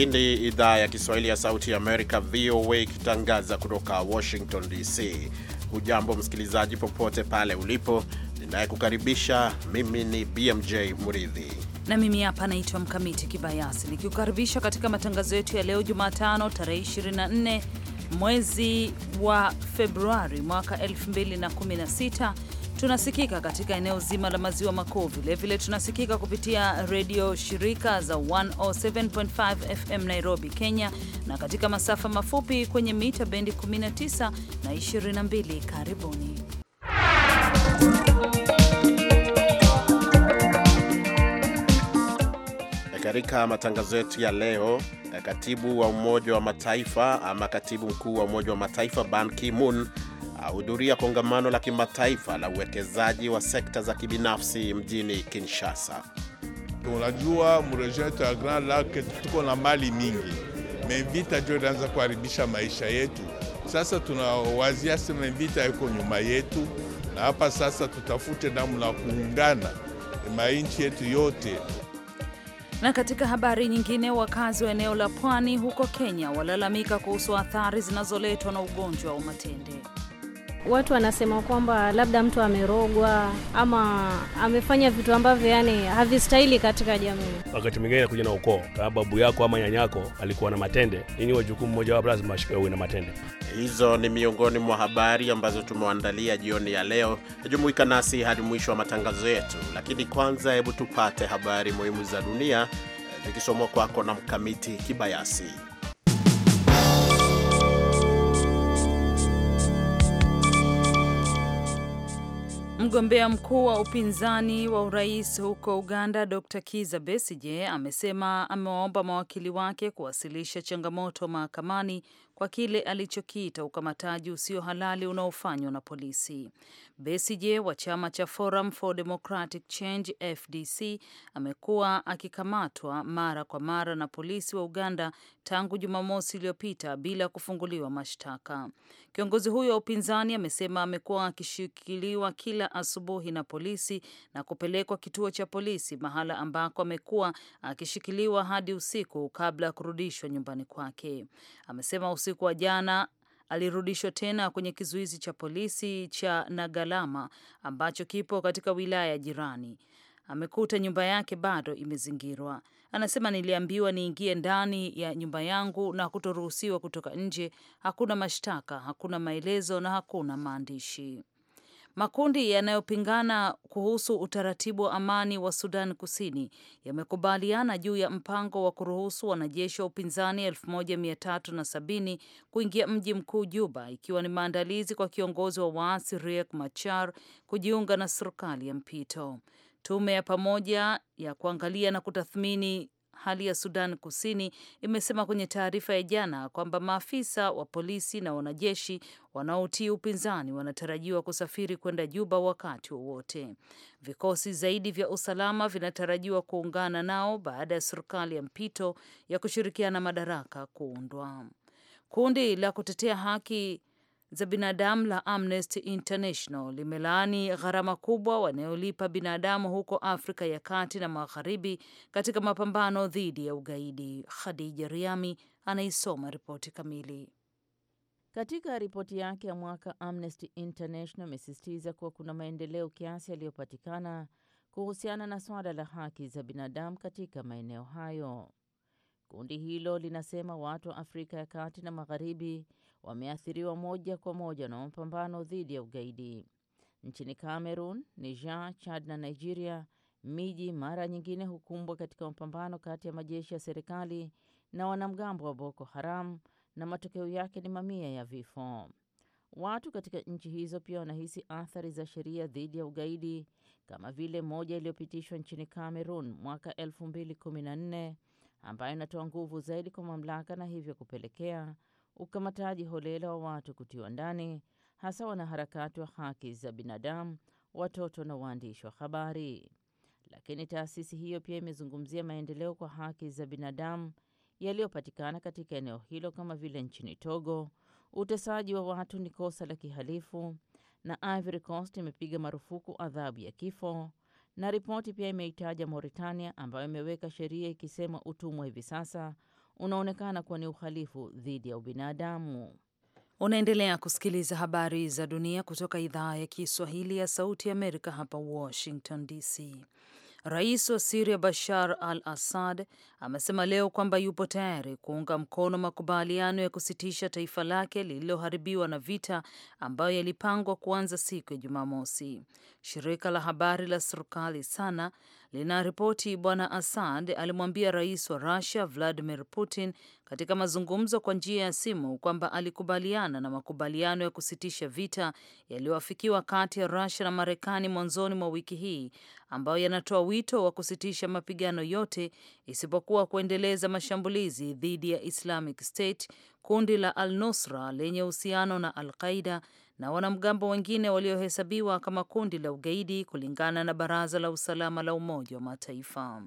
Hii ni idhaa ya Kiswahili ya Sauti ya Amerika, VOA, ikitangaza kutoka Washington DC. Hujambo msikilizaji, popote pale ulipo. Ninayekukaribisha mimi ni BMJ Muridhi na mimi hapa naitwa Mkamiti Kibayasi, nikiukaribisha katika matangazo yetu ya leo Jumatano tarehe 24 mwezi wa Februari mwaka 2016 Tunasikika katika eneo zima la maziwa makuu, vilevile tunasikika kupitia redio shirika za 107.5 FM Nairobi, Kenya, na katika masafa mafupi kwenye mita bendi 19 na 22. Karibuni. Katika matangazo yetu ya leo, katibu wa Umoja wa Mataifa ama katibu mkuu wa Umoja wa Mataifa Ban Ki-moon ahudhuria kongamano la kimataifa la uwekezaji wa sekta za kibinafsi mjini Kinshasa. Unajua, yetu ya Grand Lac tuko na mali mingi, mevita jo inaanza kuharibisha maisha yetu. Sasa tunawazia sema vita iko nyuma yetu, na hapa sasa tutafute namna ya kuungana mainchi yetu yote. Na katika habari nyingine, wakazi wa eneo la pwani huko Kenya walalamika kuhusu athari zinazoletwa na ugonjwa wa matende. Watu wanasema kwamba labda mtu amerogwa ama amefanya vitu ambavyo yani havistahili katika jamii. Wakati mwingine kuja na ukoo, kama babu yako ama nyanyako alikuwa na matende, ninyi wajukumu mmoja wapo lazima ashike uwe na matende. Hizo ni miongoni mwa habari ambazo tumewaandalia jioni ya leo. Jumuika nasi hadi mwisho wa matangazo yetu, lakini kwanza, hebu tupate habari muhimu za dunia zikisomwa kwako na Mkamiti Kibayasi. Mgombea mkuu wa upinzani wa urais huko Uganda, Dr Kiza besije amesema amewaomba mawakili wake kuwasilisha changamoto mahakamani kwa kile alichokiita ukamataji usio halali unaofanywa na polisi. besije wa chama cha Forum for Democratic Change FDC amekuwa akikamatwa mara kwa mara na polisi wa Uganda tangu Jumamosi iliyopita bila kufunguliwa mashtaka. Kiongozi huyo wa upinzani amesema amekuwa akishikiliwa kila asubuhi na polisi na kupelekwa kituo cha polisi, mahala ambako amekuwa akishikiliwa hadi usiku kabla ya kurudishwa nyumbani kwake. Amesema usiku wa jana alirudishwa tena kwenye kizuizi cha polisi cha Nagalama ambacho kipo katika wilaya jirani amekuta nyumba yake bado imezingirwa. Anasema niliambiwa niingie ndani ya nyumba yangu na kutoruhusiwa kutoka nje. Hakuna mashtaka, hakuna maelezo na hakuna maandishi. Makundi yanayopingana kuhusu utaratibu wa amani wa Sudan Kusini yamekubaliana juu ya mpango wa kuruhusu wanajeshi wa upinzani 1370 kuingia mji mkuu Juba, ikiwa ni maandalizi kwa kiongozi wa waasi Riek Machar kujiunga na serikali ya mpito. Tume ya pamoja ya kuangalia na kutathmini hali ya Sudan Kusini imesema kwenye taarifa ya jana kwamba maafisa wa polisi na wanajeshi wanaotii upinzani wanatarajiwa kusafiri kwenda Juba wakati wowote. Vikosi zaidi vya usalama vinatarajiwa kuungana nao baada ya serikali ya mpito ya kushirikiana madaraka kuundwa. Kundi la kutetea haki za binadamu la Amnesty International limelaani gharama kubwa wanayolipa binadamu huko Afrika ya Kati na Magharibi katika mapambano dhidi ya ugaidi. Khadija Riami anaisoma ripoti kamili. Katika ripoti yake ya mwaka, Amnesty International imesisitiza kuwa kuna maendeleo kiasi yaliyopatikana kuhusiana na suala la haki za binadamu katika maeneo hayo. Kundi hilo linasema watu wa Afrika ya Kati na Magharibi wameathiriwa moja kwa moja na mapambano dhidi ya ugaidi. Nchini Cameroon, Niger, Chad na Nigeria, miji mara nyingine hukumbwa katika mapambano kati ya majeshi ya serikali na wanamgambo wa Boko Haram, na matokeo yake ni mamia ya vifo. Watu katika nchi hizo pia wanahisi athari za sheria dhidi ya ugaidi kama vile moja iliyopitishwa nchini Cameroon mwaka 2014 ambayo inatoa nguvu zaidi kwa mamlaka na hivyo kupelekea ukamataji holela wa watu kutiwa ndani, hasa wanaharakati wa haki za binadamu, watoto na waandishi wa habari. Lakini taasisi hiyo pia imezungumzia maendeleo kwa haki za binadamu yaliyopatikana katika eneo hilo kama vile nchini Togo utesaji wa watu ni kosa la kihalifu, na Ivory Coast imepiga marufuku adhabu ya kifo. Na ripoti pia imeitaja Mauritania ambayo imeweka sheria ikisema utumwa hivi sasa unaonekana kuwa ni uhalifu dhidi ya ubinadamu. Unaendelea kusikiliza habari za dunia kutoka idhaa ya Kiswahili ya Sauti ya Amerika, hapa Washington DC. Rais wa Siria Bashar al Assad amesema leo kwamba yupo tayari kuunga mkono makubaliano ya kusitisha taifa lake lililoharibiwa na vita ambayo yalipangwa kuanza siku ya Jumamosi. Shirika la habari la serikali SANA linaripoti Bwana Assad alimwambia rais wa Rusia Vladimir Putin katika mazungumzo kwa njia ya simu kwamba alikubaliana na makubaliano ya kusitisha vita yaliyoafikiwa kati ya Rusia na Marekani mwanzoni mwa wiki hii ambayo yanatoa wito wa kusitisha mapigano yote isipokuwa kuendeleza mashambulizi dhidi ya Islamic State, kundi la Al-Nusra lenye uhusiano na Al-Qaida na wanamgambo wengine waliohesabiwa kama kundi la ugaidi kulingana na Baraza la Usalama la Umoja wa Mataifa.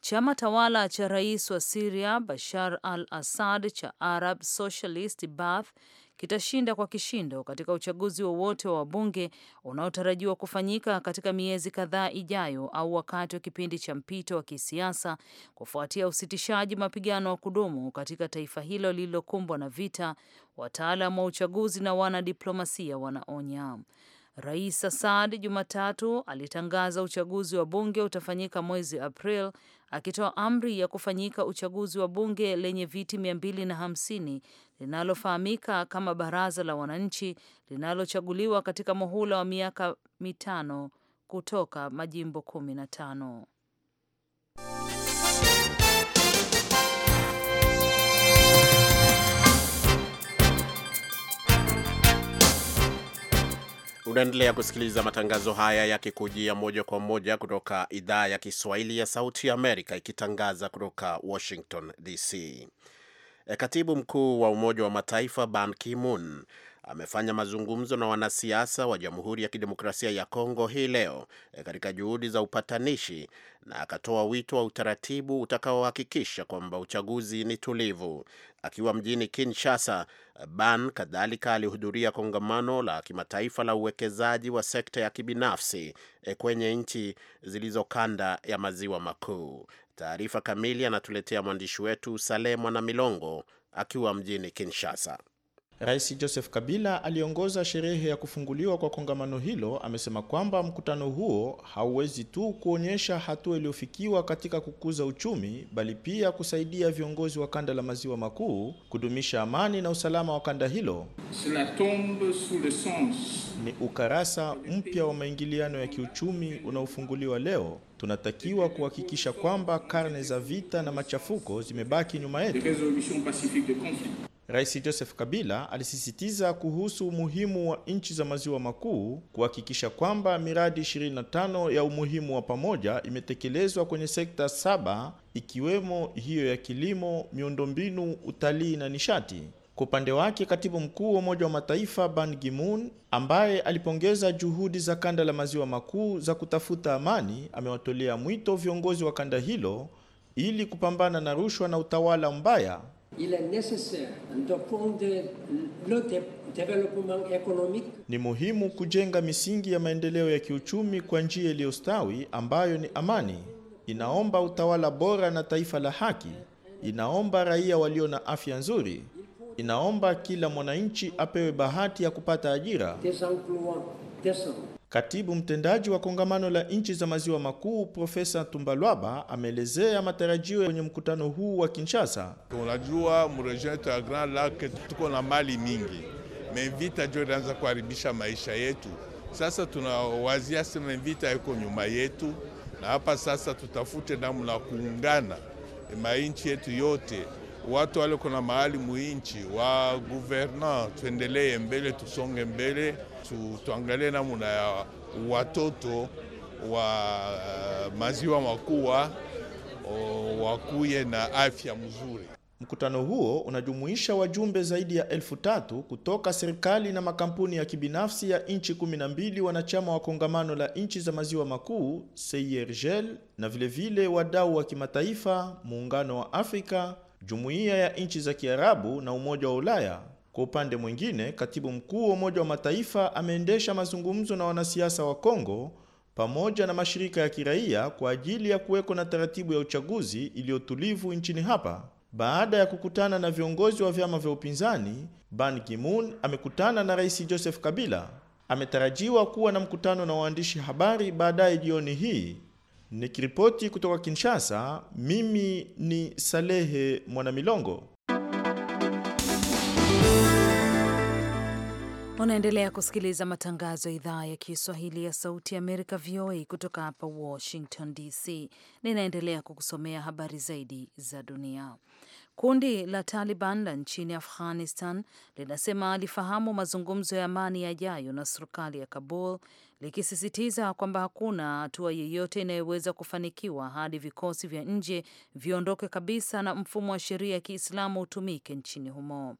Chama tawala cha rais wa Siria Bashar al Assad cha Arab Socialist Baath kitashinda kwa kishindo katika uchaguzi wowote wa wabunge unaotarajiwa kufanyika katika miezi kadhaa ijayo au wakati wa kipindi cha mpito wa kisiasa kufuatia usitishaji mapigano wa kudumu katika taifa hilo lililokumbwa na vita, wataalam wa uchaguzi na wanadiplomasia wanaonya. Rais Assad Jumatatu alitangaza uchaguzi wa bunge utafanyika mwezi April, akitoa amri ya kufanyika uchaguzi wa bunge lenye viti 250 linalofahamika kama baraza la wananchi linalochaguliwa katika muhula wa miaka mitano kutoka majimbo 15. Unaendelea kusikiliza matangazo haya yakikujia moja kwa moja kutoka idhaa ya Kiswahili ya Sauti ya Amerika ikitangaza kutoka Washington DC. E, katibu mkuu wa Umoja wa Mataifa Ban Ki-moon amefanya mazungumzo na wanasiasa wa Jamhuri ya Kidemokrasia ya Kongo hii leo eh, katika juhudi za upatanishi na akatoa wito wa utaratibu utakaohakikisha kwamba uchaguzi ni tulivu. Akiwa mjini Kinshasa, Ban kadhalika alihudhuria kongamano la kimataifa la uwekezaji wa sekta ya kibinafsi eh, kwenye nchi zilizo kanda ya maziwa makuu. Taarifa kamili anatuletea mwandishi wetu Saleh Mwana Milongo akiwa mjini Kinshasa. Rais Joseph Kabila aliongoza sherehe ya kufunguliwa kwa kongamano hilo. Amesema kwamba mkutano huo hauwezi tu kuonyesha hatua iliyofikiwa katika kukuza uchumi, bali pia kusaidia viongozi wa kanda la maziwa makuu kudumisha amani na usalama wa kanda hilo. Ni ukarasa mpya wa maingiliano ya kiuchumi unaofunguliwa leo. Tunatakiwa kuhakikisha kwamba karne za vita na machafuko zimebaki nyuma yetu. Rais Joseph Kabila alisisitiza kuhusu umuhimu wa nchi za maziwa makuu kuhakikisha kwamba miradi 25 ya umuhimu wa pamoja imetekelezwa kwenye sekta saba ikiwemo hiyo ya kilimo, miundombinu, utalii na nishati. Kwa upande wake, Katibu Mkuu wa Umoja wa Mataifa Ban Ki-moon ambaye alipongeza juhudi za kanda la maziwa makuu za kutafuta amani, amewatolea mwito viongozi wa kanda hilo ili kupambana na rushwa na utawala mbaya il est nécessaire de fonder le développement économique. Ni muhimu kujenga misingi ya maendeleo ya kiuchumi kwa njia iliyostawi ambayo ni amani. Inaomba utawala bora na taifa la haki. Inaomba raia walio na afya nzuri. Inaomba kila mwananchi apewe bahati ya kupata ajira. Des emplois Katibu mtendaji wa kongamano la nchi za maziwa makuu Profesa Tumbalwaba ameelezea matarajio kwenye mkutano huu wa Kinshasa. Unajua, yetu ya Grand Lac tuko na mali mingi, mevita jo inaanza kuharibisha maisha yetu. Sasa tunawazia sema mevita iko nyuma yetu, na hapa sasa tutafute namna kuungana eh, mainchi yetu yote watu wale kuna mahali muinchi wa guverna, tuendelee mbele, tusonge mbele, tuangalie namna ya watoto wa uh, maziwa makuwa uh, wakuye na afya mzuri. Mkutano huo unajumuisha wajumbe zaidi ya elfu tatu kutoka serikali na makampuni ya kibinafsi ya nchi 12 wanachama wa kongamano la nchi za maziwa makuu CIRGL na vilevile wadau wa kimataifa, muungano wa Afrika Jumuiya ya nchi za Kiarabu na Umoja wa Ulaya. Kwa upande mwingine, katibu mkuu wa Umoja wa Mataifa ameendesha mazungumzo na wanasiasa wa Kongo pamoja na mashirika ya kiraia kwa ajili ya kuweko na taratibu ya uchaguzi iliyotulivu nchini hapa. Baada ya kukutana na viongozi wa vyama vya upinzani, Ban Ki-moon amekutana na Rais Joseph Kabila. Ametarajiwa kuwa na mkutano na waandishi habari baadaye jioni hii. Nikiripoti kutoka Kinshasa, mimi ni Salehe Mwanamilongo. Unaendelea kusikiliza matangazo ya idhaa ya Kiswahili ya Sauti ya Amerika, VOA, kutoka hapa Washington DC. Ninaendelea kukusomea habari zaidi za dunia. Kundi la Taliban la nchini Afghanistan linasema alifahamu mazungumzo ya amani yajayo na serikali ya Kabul likisisitiza kwamba hakuna hatua yeyote inayoweza kufanikiwa hadi vikosi vya nje viondoke kabisa na mfumo wa sheria ya Kiislamu utumike nchini humo.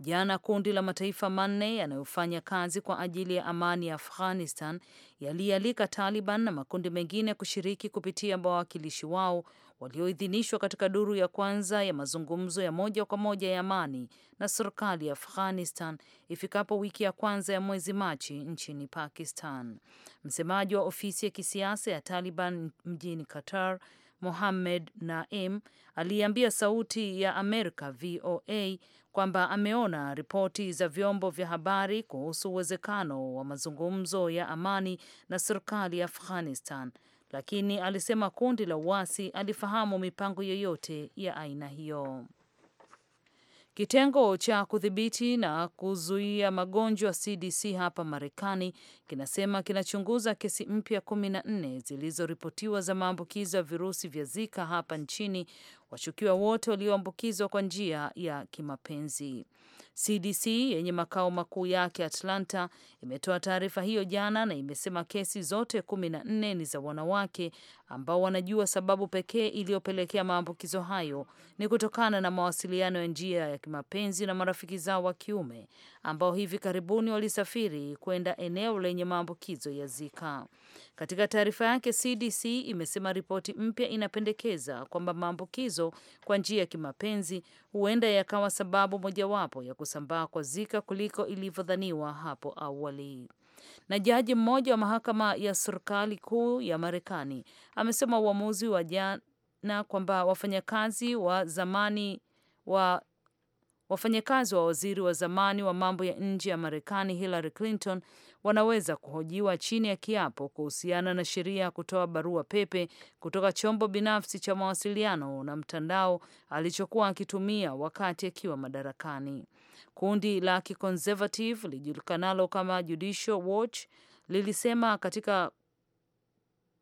Jana kundi la mataifa manne yanayofanya kazi kwa ajili ya amani ya Afghanistan yalialika Taliban na makundi mengine kushiriki kupitia wawakilishi wao walioidhinishwa katika duru ya kwanza ya mazungumzo ya moja kwa moja ya amani na serikali ya Afghanistan ifikapo wiki ya kwanza ya mwezi Machi nchini Pakistan. Msemaji wa ofisi ya kisiasa ya Taliban mjini Qatar Mohammed Naim aliambia Sauti ya Amerika VOA kwamba ameona ripoti za vyombo vya habari kuhusu uwezekano wa mazungumzo ya amani na serikali ya Afghanistan lakini alisema kundi la uasi alifahamu mipango yoyote ya aina hiyo. Kitengo cha kudhibiti na kuzuia magonjwa CDC hapa Marekani kinasema kinachunguza kesi mpya kumi na nne zilizoripotiwa za maambukizo ya virusi vya Zika hapa nchini washukiwa wote walioambukizwa kwa njia ya kimapenzi. CDC yenye makao makuu yake Atlanta imetoa taarifa hiyo jana na imesema kesi zote kumi na nne ni za wanawake ambao wanajua sababu pekee iliyopelekea maambukizo hayo ni kutokana na mawasiliano ya njia ya kimapenzi na marafiki zao wa kiume ambao hivi karibuni walisafiri kwenda eneo lenye maambukizo ya Zika. Katika taarifa yake, CDC imesema ripoti mpya inapendekeza kwamba maambukizo hizo kwa njia ya kimapenzi huenda yakawa sababu mojawapo ya kusambaa kwa Zika kuliko ilivyodhaniwa hapo awali. Na jaji mmoja wa mahakama ya serikali kuu ya Marekani amesema uamuzi wa jana kwamba wafanyakazi wa zamani wa wafanyakazi wa waziri wa zamani wa mambo ya nje ya Marekani Hillary Clinton wanaweza kuhojiwa chini ya kiapo kuhusiana na sheria ya kutoa barua pepe kutoka chombo binafsi cha mawasiliano na mtandao alichokuwa akitumia wakati akiwa madarakani. Kundi la kiconservative lijulikanalo kama Judicial Watch lilisema katika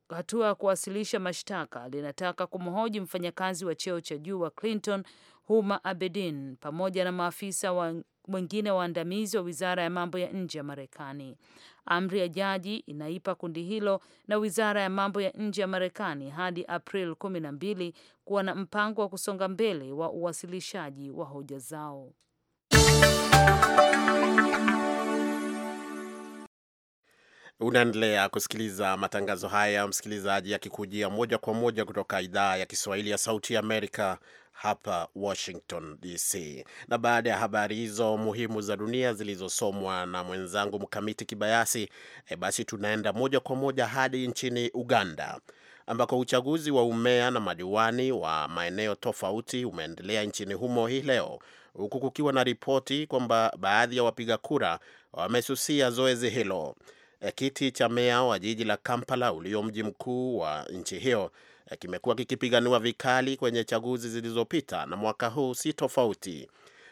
hatua ya kuwasilisha mashtaka linataka kumhoji mfanyakazi wa cheo cha juu wa Clinton Huma Abedin pamoja na maafisa wa wengine waandamizi wa wizara ya mambo ya nje ya Marekani. Amri ya jaji inaipa kundi hilo na wizara ya mambo ya nje ya Marekani hadi April kumi na mbili kuwa na mpango wa kusonga mbele wa uwasilishaji wa hoja zao. Unaendelea kusikiliza matangazo haya msikilizaji, yakikujia moja kwa moja kutoka idhaa ya Kiswahili ya Sauti ya Amerika hapa Washington DC. Na baada ya habari hizo muhimu za dunia zilizosomwa na mwenzangu Mkamiti Kibayasi, e, basi tunaenda moja kwa moja hadi nchini Uganda ambako uchaguzi wa umea na madiwani wa maeneo tofauti umeendelea nchini humo hii leo, huku kukiwa na ripoti kwamba baadhi ya wapiga kura wamesusia zoezi hilo. Eh, kiti cha meya wa jiji la Kampala ulio mji mkuu wa nchi hiyo kimekuwa kikipiganiwa vikali kwenye chaguzi zilizopita na mwaka huu si tofauti.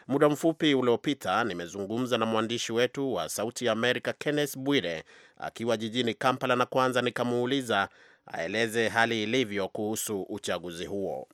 Muda mfupi uliopita nimezungumza na mwandishi wetu wa Sauti ya Amerika Kenneth Bwire akiwa jijini Kampala, na kwanza nikamuuliza aeleze hali ilivyo kuhusu uchaguzi huo.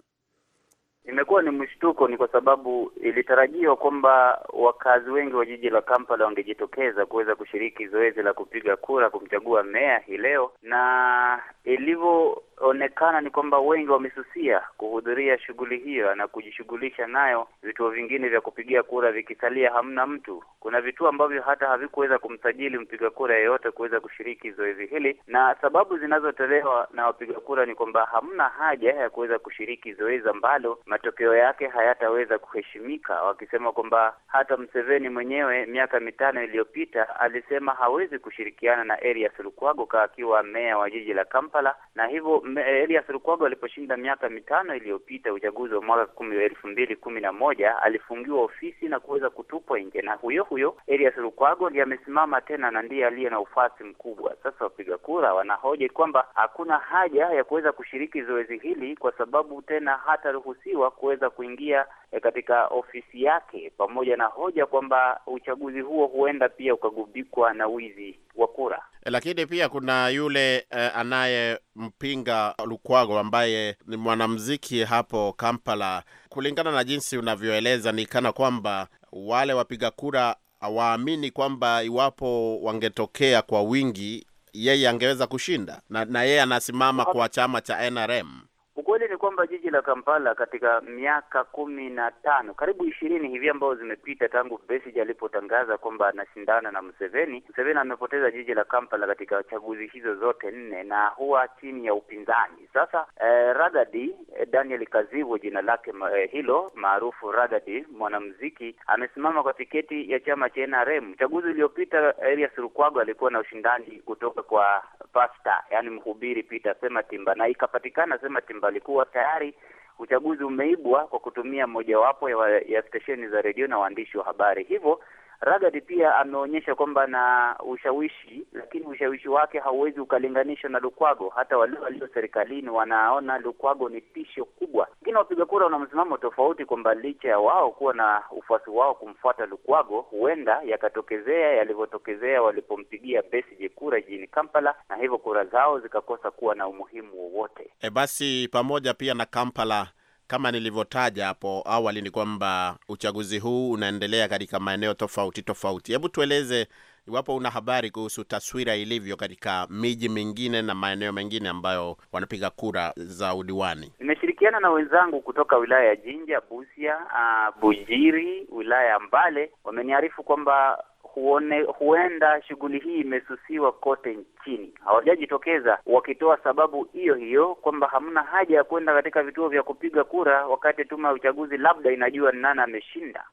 Imekuwa ni mshtuko, ni kwa sababu ilitarajiwa kwamba wakazi wengi wa jiji la Kampala wangejitokeza kuweza kushiriki zoezi la kupiga kura kumchagua meya hii leo, na ilivyoonekana ni kwamba wengi wamesusia kuhudhuria shughuli hiyo na kujishughulisha nayo, vituo vingine vya kupigia kura vikisalia hamna mtu. Kuna vituo ambavyo hata havikuweza kumsajili mpiga kura yeyote kuweza kushiriki zoezi hili, na sababu zinazotolewa na wapiga kura ni kwamba hamna haja ya kuweza kushiriki zoezi ambalo matokeo yake hayataweza kuheshimika, wakisema kwamba hata Mseveni mwenyewe miaka mitano iliyopita alisema hawezi kushirikiana na Erias Lukwago akiwa meya wa jiji la Kampala, na hivyo Erias Lukwago aliposhinda miaka mitano iliyopita uchaguzi wa mwaka kumi elfu mbili kumi na moja alifungiwa ofisi na kuweza kutupwa nje, na huyo huyo Erias Lukwago ndiye amesimama tena na ndiye aliye na ufasi mkubwa. Sasa wapiga kura wanahoji kwamba hakuna haja ya kuweza kushiriki zoezi hili kwa sababu tena hataruhusiwa kuruhusiwa kuweza kuingia e, katika ofisi yake, pamoja na hoja kwamba uchaguzi huo huenda pia ukagubikwa na wizi wa kura. E, lakini pia kuna yule eh, anayempinga Lukwago ambaye ni mwanamuziki hapo Kampala. Kulingana na jinsi unavyoeleza, ni kana kwamba wale wapiga kura hawaamini kwamba iwapo wangetokea kwa wingi yeye angeweza kushinda na, na yeye anasimama kwa chama cha NRM. Ukweli ni kwamba jiji la Kampala katika miaka kumi na tano karibu ishirini hivi ambayo zimepita tangu Besigye alipotangaza kwamba anashindana na Museveni, Museveni amepoteza jiji la Kampala katika chaguzi hizo zote nne na huwa chini ya upinzani. Sasa eh, Ragadi eh, Daniel Kazivu jina lake eh, hilo maarufu Ragadi, mwanamuziki amesimama kwa tiketi ya chama cha NRM. Chaguzi uliopita Erias eh, Lukwago alikuwa na ushindani kutoka kwa pasta, yani mhubiri Peter Sematimba na ikapatikana Sematimba palikuwa tayari uchaguzi umeibwa kwa kutumia mojawapo ya, ya stesheni za redio na waandishi wa habari. Hivyo Ragadi pia ameonyesha kwamba na ushawishi, lakini ushawishi wake hauwezi ukalinganishwa na Lukwago. Hata wale walio serikalini wanaona Lukwago ni tisho kubwa, lakini wapiga kura wana msimamo tofauti, kwamba licha ya wao kuwa na ufuasi wao kumfuata Lukwago, huenda yakatokezea yalivyotokezea walipompigia Besigye kura jijini Kampala, na hivyo kura zao zikakosa kuwa na umuhimu wowote. E, basi pamoja pia na Kampala kama nilivyotaja hapo awali ni kwamba uchaguzi huu unaendelea katika maeneo tofauti tofauti. Hebu tueleze iwapo una habari kuhusu taswira ilivyo katika miji mingine na maeneo mengine ambayo wanapiga kura za udiwani. Nimeshirikiana na wenzangu kutoka wilaya ya Jinja, Busia, uh, ah, Bujiri, wilaya ya Mbale. Wameniarifu kwamba huone, huenda shughuli hii imesusiwa kote nchini. Hawajajitokeza wakitoa sababu hiyo hiyo kwamba hamna haja ya kwenda katika vituo vya kupiga kura wakati tume ya uchaguzi labda inajua ni nani ameshinda.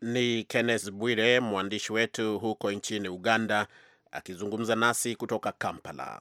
Ni Kenneth Bwire, mwandishi wetu huko nchini Uganda, akizungumza nasi kutoka Kampala.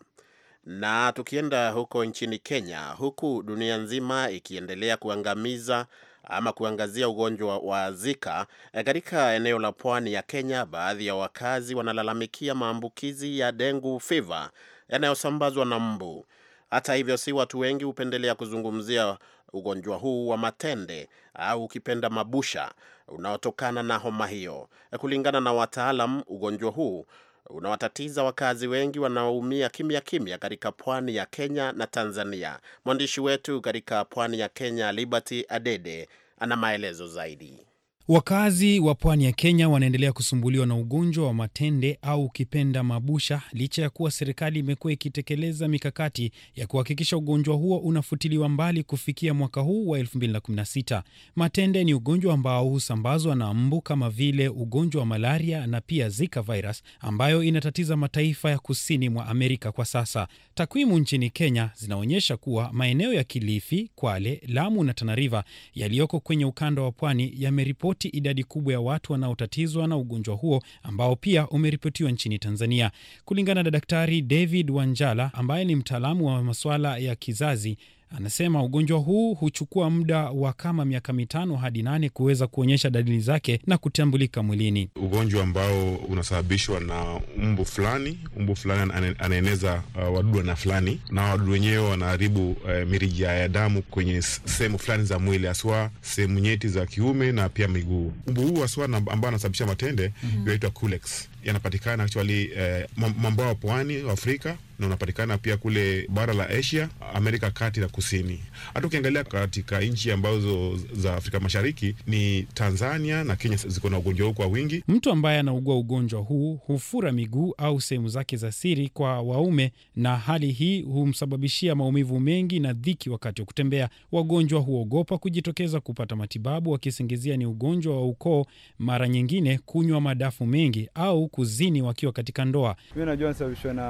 Na tukienda huko nchini Kenya, huku dunia nzima ikiendelea kuangamiza ama kuangazia ugonjwa wa Zika eh, katika eneo la pwani ya Kenya. Baadhi ya wakazi wanalalamikia maambukizi ya dengu fiva yanayosambazwa na mbu. Hata hivyo, si watu wengi hupendelea kuzungumzia ugonjwa huu wa matende au ukipenda mabusha unaotokana na homa hiyo. Eh, kulingana na wataalam, ugonjwa huu unawatatiza wakazi wengi wanaoumia kimya kimya katika pwani ya Kenya na Tanzania. Mwandishi wetu katika pwani ya Kenya, Liberty Adede, ana maelezo zaidi. Wakazi wa pwani ya Kenya wanaendelea kusumbuliwa na ugonjwa wa matende au ukipenda mabusha, licha ya kuwa serikali imekuwa ikitekeleza mikakati ya kuhakikisha ugonjwa huo unafutiliwa mbali. Kufikia mwaka huu wa 2016, matende ni ugonjwa ambao husambazwa na mbu kama vile ugonjwa wa malaria na pia Zika virus ambayo inatatiza mataifa ya kusini mwa Amerika kwa sasa. Takwimu nchini Kenya zinaonyesha kuwa maeneo ya Kilifi, Kwale, Lamu na Tanariva yaliyoko kwenye ukanda wa pwani yameripoti kuripoti idadi kubwa ya watu wanaotatizwa na ugonjwa huo ambao pia umeripotiwa nchini Tanzania. Kulingana na Daktari David Wanjala ambaye ni mtaalamu wa masuala ya kizazi Anasema ugonjwa huu huchukua muda wa kama miaka mitano hadi nane kuweza kuonyesha dalili zake na kutambulika mwilini. Ugonjwa ambao unasababishwa na mbu fulani, mbu fulani anaeneza uh, wadudu na fulani, na wadudu wenyewe wanaharibu uh, mirija ya damu kwenye sehemu fulani za mwili, haswa sehemu nyeti za kiume na pia miguu. Mbu huu haswa ambao anasababisha matende mm -hmm. yaitwa yanapatikana actually eh, mambo ya pwani wa Afrika na unapatikana pia kule bara la Asia, Amerika kati na kusini. Hata ukiangalia katika nchi ambazo za Afrika Mashariki ni Tanzania na Kenya ziko na ugonjwa huu kwa wingi. Mtu ambaye anaugua ugonjwa huu hufura miguu au sehemu zake za siri kwa waume, na hali hii humsababishia maumivu mengi na dhiki wakati wa kutembea. Wagonjwa huogopa kujitokeza kupata matibabu, wakisingizia ni ugonjwa wa ukoo, mara nyingine kunywa madafu mengi au kuzini wakiwa katika ndoa. Mi najua nasababishwa na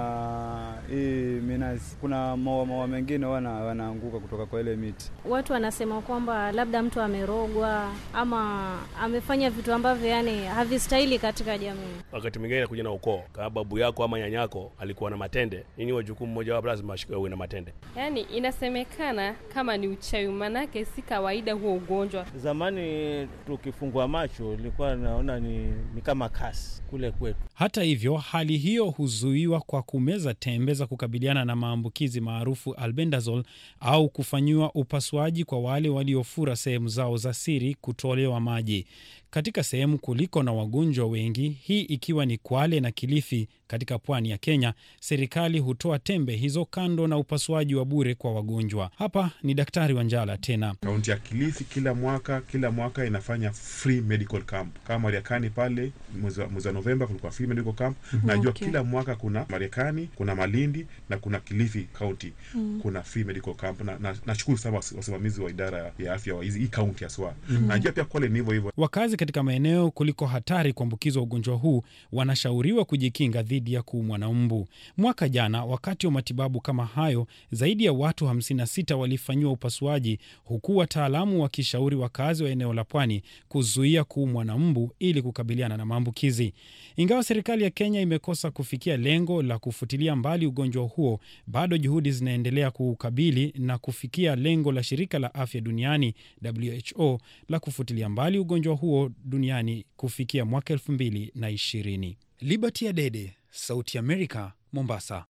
hii minazi, kuna maua maua mengine wana wanaanguka kutoka kwa ile miti. Watu wanasema kwamba labda mtu amerogwa ama amefanya vitu ambavyo yani havistahili katika jamii. Wakati mwingine inakuja na ukoo, kama babu yako ama nyanyako alikuwa na matende, nini wa jukumu mmoja wapo lazima ashikwe uwe na matende. Yani inasemekana kama ni uchawi, manake si kawaida huo ugonjwa. Zamani tukifungua macho ilikuwa naona ni, ni kama kasi kule kwetu hata hivyo, hali hiyo huzuiwa kwa kumeza tembe za kukabiliana na maambukizi maarufu albendazole au kufanyiwa upasuaji kwa wale waliofura sehemu zao za siri kutolewa maji katika sehemu kuliko na wagonjwa wengi, hii ikiwa ni Kwale na Kilifi katika pwani ya Kenya. Serikali hutoa tembe hizo kando na upasuaji wa bure kwa wagonjwa. Hapa ni Daktari Wanjala tena. Kaunti ya Kilifi kila mwaka kila mwaka inafanya free medical camp. Kama Mariakani pale mwezi wa Novemba kulikuwa free medical camp. Mm-hmm. Najua okay. Kila mwaka kuna Mariakani, kuna Malindi na kuna Kilifi kaunti mm. kuna free medical camp na nashukuru na sana wasimamizi wa idara ya afya wa hii kaunti haswa mm. Mm-hmm. Najua pia Kwale ni hivyo hivyo wakazi wakazi katika maeneo kuliko hatari kuambukizwa ugonjwa huu wanashauriwa kujikinga dhidi ya kuumwa na mbu. Mwaka jana, wakati wa matibabu kama hayo, zaidi ya watu 56 walifanyiwa upasuaji, huku wataalamu wakishauri wakazi wa eneo la pwani kuzuia kuumwa na mbu ili kukabiliana na maambukizi. Ingawa serikali ya Kenya imekosa kufikia lengo la kufutilia mbali ugonjwa huo, bado juhudi zinaendelea kuukabili na kufikia lengo la shirika la afya duniani WHO la kufutilia mbali ugonjwa huo duniani kufikia mwaka elfu mbili na ishirini. Liberty Adede, Sauti Amerika, Mombasa.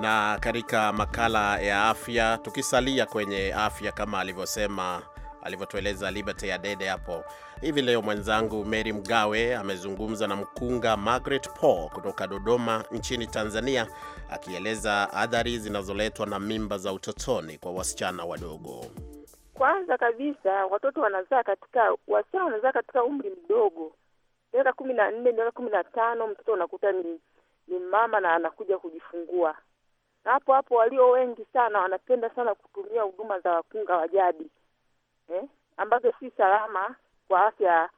Na katika makala ya afya, tukisalia kwenye afya, kama alivyosema alivyotueleza Liberty Adede hapo, hivi leo mwenzangu Mary Mgawe amezungumza na mkunga Margaret Paul kutoka Dodoma nchini Tanzania, akieleza adhari zinazoletwa na mimba za utotoni kwa wasichana wadogo. Kwanza kabisa watoto wanazaa katika, wasichana wanazaa katika umri mdogo, miaka kumi na nne, miaka kumi na tano, mtoto unakuta ni ni mama na anakuja kujifungua. Na hapo hapo walio wengi sana wanapenda sana kutumia huduma za wakunga wa jadi eh, ambazo si salama kwa afya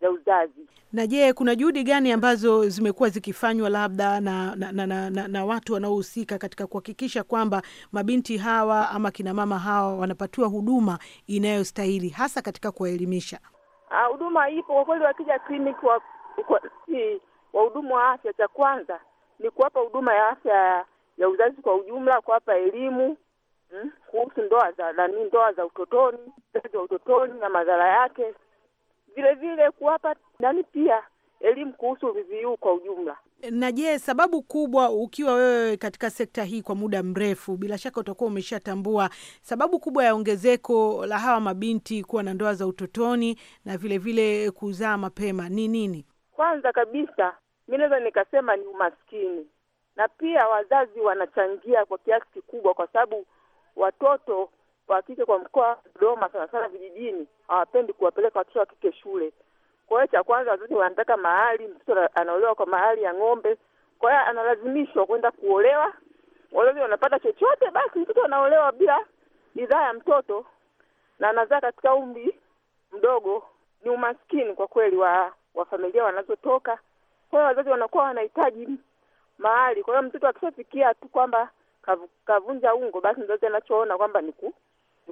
za uzazi. Na je, kuna juhudi gani ambazo zimekuwa zikifanywa labda na, na, na, na, na, watu wanaohusika katika kuhakikisha kwamba mabinti hawa ama kinamama hawa wanapatiwa huduma inayostahili hasa katika kuwaelimisha? Ah, huduma ipo kwa kweli, wakija kliniki wa wahudumu wa afya, cha kwanza ni kuwapa huduma ya afya ya uzazi kwa ujumla, kuwapa elimu hmm, kuhusu ndoa za nani, ndoa za utotoni, uzazi wa utotoni na madhara yake vilevile kuwapa nani pia elimu kuhusu VVU kwa ujumla. Na je, sababu kubwa, ukiwa wewe katika sekta hii kwa muda mrefu, bila shaka utakuwa umeshatambua sababu kubwa ya ongezeko la hawa mabinti kuwa na ndoa za utotoni na vilevile kuzaa mapema ni nini? Kwanza kabisa mi naweza nikasema ni umaskini, na pia wazazi wanachangia kwa kiasi kikubwa, kwa sababu watoto wa kike kwa mkoa wa Dodoma sana sana vijijini hawapendi kuwapeleka watoto wa kike shule. Kwa hiyo cha kwanza wazazi wanataka mahali, mtoto anaolewa kwa mahali ya ng'ombe, kwa hiyo analazimishwa kwenda kuolewa. Wazazi wanapata chochote, basi mtoto anaolewa bila bidhaa ya mtoto, na anazaa katika umri mdogo. Ni umaskini kwa kweli wa wa familia wanazotoka. Kwa hiyo wazazi wanakuwa wanahitaji mahali, kwa hiyo mtoto akishafikia tu kwamba kavunja ungo, basi mzazi anachoona kwamba ni ku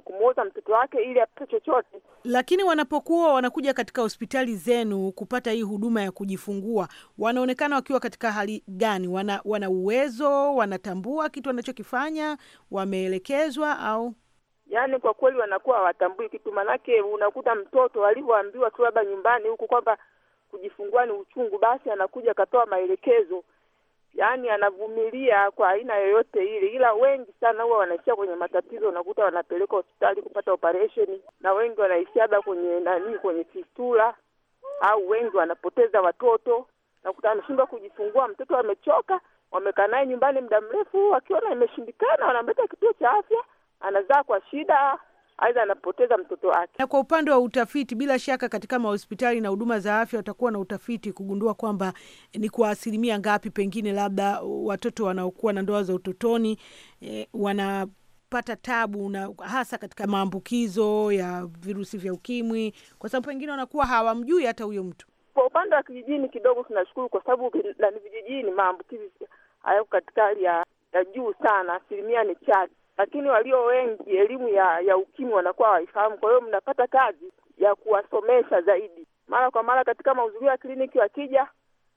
kumuuza mtoto wake ili apate chochote. Lakini wanapokuwa wanakuja katika hospitali zenu kupata hii huduma ya kujifungua, wanaonekana wakiwa katika hali gani? Wana, wana uwezo, wanatambua kitu wanachokifanya, wameelekezwa au Yaani kwa kweli wanakuwa hawatambui kitu, manake unakuta mtoto alivyoambiwa tu labda nyumbani huku kwamba kujifungua ni uchungu, basi anakuja akatoa maelekezo yaani anavumilia kwa aina yoyote ile, ila wengi sana huwa wanaishia kwenye matatizo. Unakuta wanapelekwa hospitali kupata operesheni, na wengi wanaishiada kwenye nani, kwenye fistula, au wengi wanapoteza watoto. Nakuta ameshindwa kujifungua, mtoto amechoka, wamekaa naye nyumbani muda mrefu, akiona imeshindikana, wanamleta kituo cha afya, anazaa kwa shida, aidha anapoteza mtoto wake. Na kwa upande wa utafiti, bila shaka katika mahospitali na huduma za afya watakuwa na utafiti kugundua kwamba ni kwa asilimia ngapi pengine labda watoto wanaokuwa na ndoa za utotoni eh, wana pata tabu na hasa katika maambukizo ya virusi vya ukimwi, kwa sababu pengine wanakuwa hawamjui hata huyo mtu. Kwa upande wa kijijini kidogo tunashukuru, kwa sababu vijijini maambukizi hayako katika hali ya, ya juu sana, asilimia ni chache lakini walio wengi elimu ya, ya ukimwi wanakuwa waifahamu Kwa hiyo mnapata kazi ya kuwasomesha zaidi mara kwa mara katika mahudhurio ya kliniki, wakija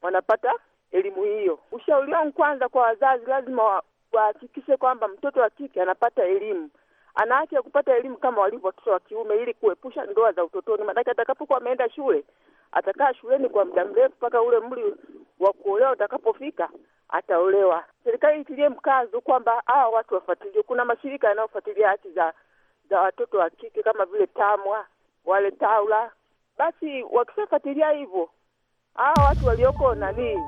wanapata elimu hiyo. Ushauri wangu kwanza kwa wazazi, lazima wahakikishe kwamba mtoto wa kike anapata elimu, ana haki ya kupata elimu kama walivyo watoto wa kiume, ili kuepusha ndoa za utotoni, maanake atakapokuwa ameenda shule atakaa shuleni kwa muda mrefu mpaka ule umri wa kuolewa utakapofika, ataolewa. Serikali itilie mkazo kwamba hawa ah, watu wafuatiliwe. Kuna mashirika yanayofuatilia haki za za watoto wa kike kama vile TAMWA, wale TAULA. Basi wakishafuatilia hivyo, hawa watu walioko nani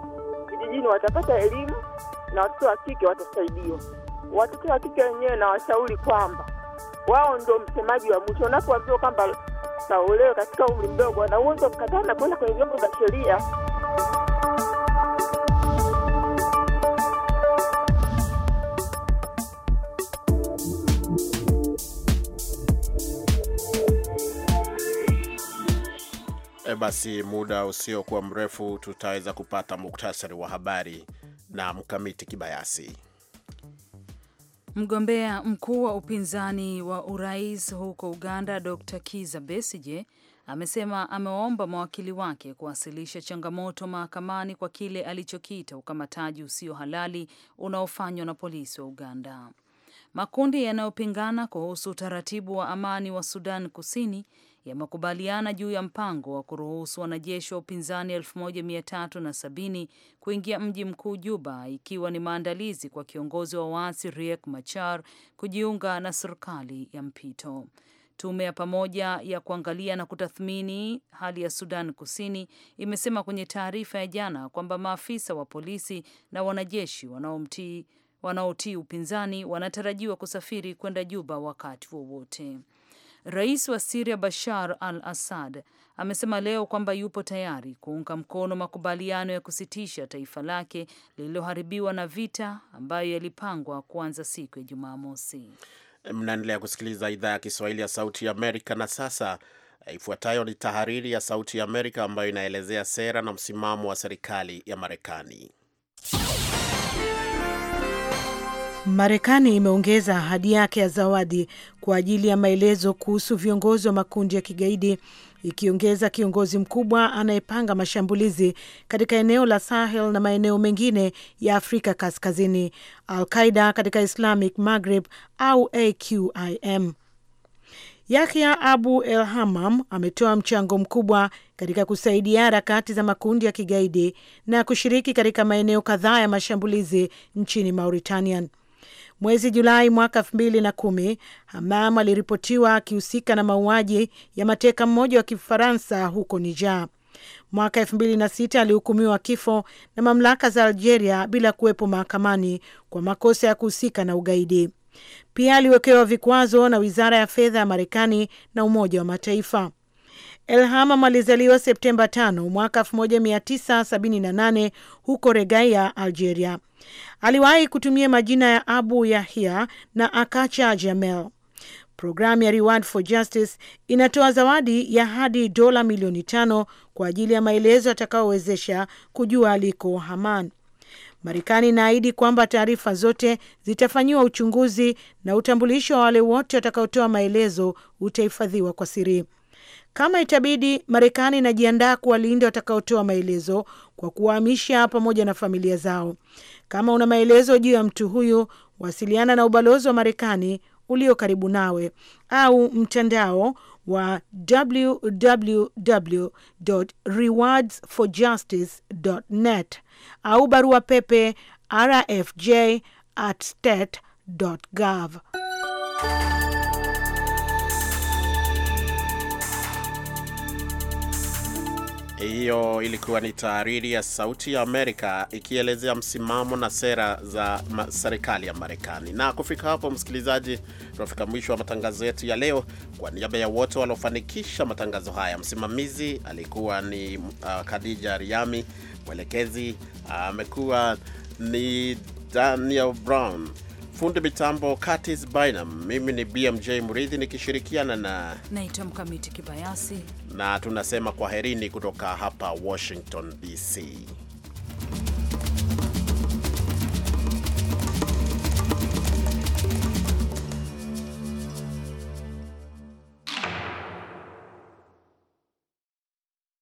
vijijini watapata elimu na watoto wa kike watasaidiwa. Watoto wa kike wenyewe na washauri kwamba wao ndio msemaji wa mwisho. Unapoambiwa kwamba taolewe katika umri mdogo, wanaweza kukataa na kwenda kwenye vyombo vya sheria E, basi muda usiokuwa mrefu tutaweza kupata muktasari wa habari na mkamiti Kibayasi. Mgombea mkuu wa upinzani wa urais huko Uganda, Dr. Kiza Besije amesema amewaomba mawakili wake kuwasilisha changamoto mahakamani kwa kile alichokiita ukamataji usio halali unaofanywa na polisi wa Uganda. Makundi yanayopingana kuhusu utaratibu wa amani wa Sudan Kusini yamekubaliana juu ya mpango wa kuruhusu wanajeshi wa upinzani 1370 kuingia mji mkuu Juba, ikiwa ni maandalizi kwa kiongozi wa waasi Riek Machar kujiunga na serikali ya mpito. Tume ya pamoja ya kuangalia na kutathmini hali ya Sudan Kusini imesema kwenye taarifa ya jana kwamba maafisa wa polisi na wanajeshi wanaotii wanaotii upinzani wanatarajiwa kusafiri kwenda Juba wakati wowote. Rais wa Siria Bashar al Assad amesema leo kwamba yupo tayari kuunga mkono makubaliano ya kusitisha taifa lake lililoharibiwa na vita ambayo yalipangwa kuanza siku ya Jumamosi. Mnaendelea kusikiliza idhaa ya Kiswahili ya Sauti ya Amerika, na sasa eh, ifuatayo ni tahariri ya Sauti ya Amerika ambayo inaelezea sera na msimamo wa serikali ya Marekani. Marekani imeongeza ahadi yake ya zawadi kwa ajili ya maelezo kuhusu viongozi wa makundi ya kigaidi ikiongeza kiongozi mkubwa anayepanga mashambulizi katika eneo la Sahel na maeneo mengine ya Afrika Kaskazini, Al-Qaida katika Islamic Maghreb au AQIM. Yahya Abu El Hamam ametoa mchango mkubwa katika kusaidia harakati za makundi ya kigaidi na kushiriki katika maeneo kadhaa ya mashambulizi nchini mauritanian Mwezi Julai mwaka elfu mbili na kumi, Hamam aliripotiwa akihusika na mauaji ya mateka mmoja wa Kifaransa huko Niger. Mwaka elfu mbili na sita alihukumiwa kifo na mamlaka za Algeria bila kuwepo mahakamani kwa makosa ya kuhusika na ugaidi. Pia aliwekewa vikwazo na wizara ya fedha ya Marekani na Umoja wa Mataifa. Elhamam alizaliwa Septemba 5 mwaka 1978 huko Regaia, Algeria. Aliwahi kutumia majina ya Abu Yahya na Akacha Jamel. Programu ya Reward for Justice inatoa zawadi ya hadi dola milioni tano kwa ajili ya maelezo yatakayowezesha kujua aliko Haman. Marekani inaahidi kwamba taarifa zote zitafanyiwa uchunguzi na utambulisho wa wale wote watakaotoa maelezo utahifadhiwa kwa siri. Kama itabidi, Marekani inajiandaa kuwalinda watakaotoa maelezo kwa kuwahamisha pamoja na familia zao. Kama una maelezo juu ya mtu huyu, wasiliana na ubalozi wa Marekani ulio karibu nawe au mtandao wa www.rewardsforjustice.net au barua pepe rfj rfj@state.gov. Hiyo ilikuwa ni tahariri ya Sauti ya Amerika ikielezea msimamo na sera za serikali ya Marekani. Na kufika hapo, msikilizaji, tunafika mwisho wa matangazo yetu ya leo. Kwa niaba ya wote waliofanikisha matangazo haya, msimamizi alikuwa ni uh, Khadija Riami, mwelekezi uh, amekuwa uh, ni Daniel Brown fundi mitambo Curtis Bynum, mimi ni BMJ Murithi nikishirikiana na naitwa Mkamiti Kibayasi, na tunasema kwaherini kutoka hapa Washington DC.